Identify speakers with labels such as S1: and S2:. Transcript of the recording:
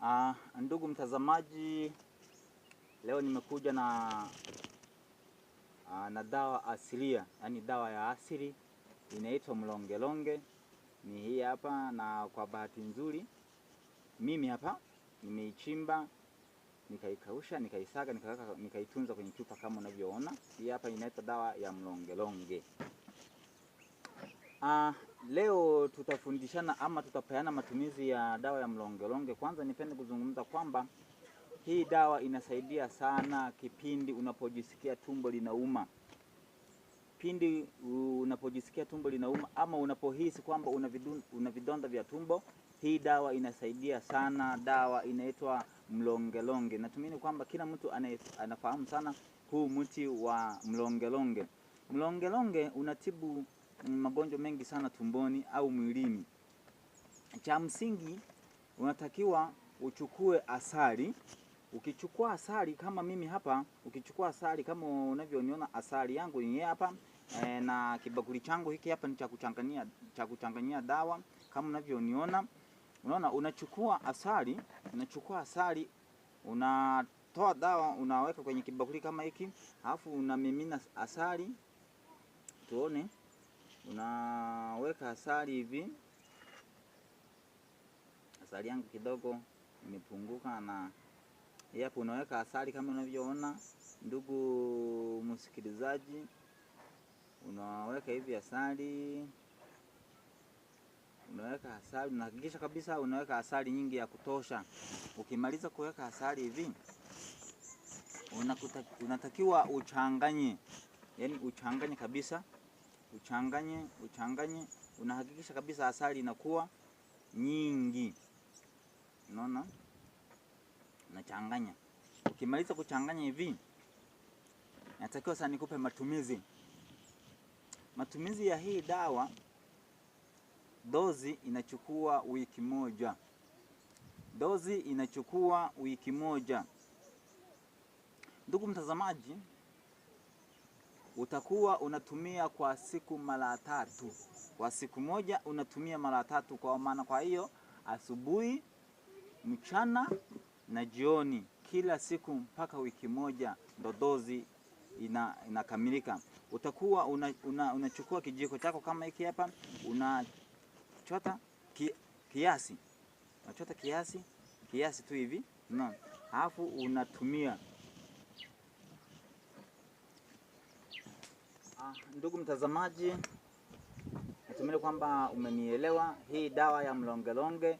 S1: Uh, ndugu mtazamaji, leo nimekuja na uh, na dawa asilia, yaani dawa ya asili inaitwa mlongelonge, ni hii hapa, na kwa bahati nzuri mimi hapa nimeichimba nikaikausha, nikaisaga, nikaitunza kwenye chupa kama unavyoona. Hii hapa inaitwa dawa ya mlongelonge. Uh, leo tutafundishana ama tutapeana matumizi ya dawa ya mlongelonge. Kwanza nipende kuzungumza kwamba hii dawa inasaidia sana kipindi unapojisikia tumbo linauma, pindi unapojisikia tumbo linauma ama unapohisi kwamba una vidonda vya tumbo, hii dawa inasaidia sana. Dawa inaitwa mlongelonge. Natumaini kwamba kila mtu anafahamu sana huu mti wa mlongelonge. Mlongelonge unatibu magonjwa mengi sana tumboni au mwilini. Cha msingi unatakiwa uchukue asali. Ukichukua asali kama mimi hapa, ukichukua asali kama unavyoniona, asali yangu yenyewe hapa e, na kibakuli changu hiki hapa ni cha kuchanganyia cha kuchanganyia dawa kama unavyoniona. Unaona, unachukua asali, unachukua asali unatoa dawa unaweka kwenye kibakuli kama hiki, alafu unamimina asali, tuone unaweka asali hivi. Asali yangu kidogo imepunguka, na hapo unaweka asali kama unavyoona, ndugu msikilizaji, unaweka hivi asali unaweka asali, unahakikisha kabisa unaweka asali nyingi ya kutosha. Ukimaliza kuweka asali hivi, unatakiwa uchanganye, yani uchanganye kabisa uchanganye, uchanganye, unahakikisha kabisa asali inakuwa nyingi. Unaona, unachanganya. Ukimaliza kuchanganya hivi, natakiwa sasa nikupe matumizi. Matumizi ya hii dawa, dozi inachukua wiki moja, dozi inachukua wiki moja. Ndugu mtazamaji utakuwa unatumia kwa siku mara tatu. Kwa siku moja unatumia mara tatu, kwa maana kwa hiyo asubuhi, mchana na jioni, kila siku mpaka wiki moja ndo dozi ina, inakamilika. Utakuwa unachukua una, una kijiko chako kama hiki hapa, unachota ki, kiasi, unachota kiasi kiasi tu hivi no, alafu unatumia Ah, ndugu mtazamaji, natumini kwamba umenielewa. Hii dawa ya mlongelonge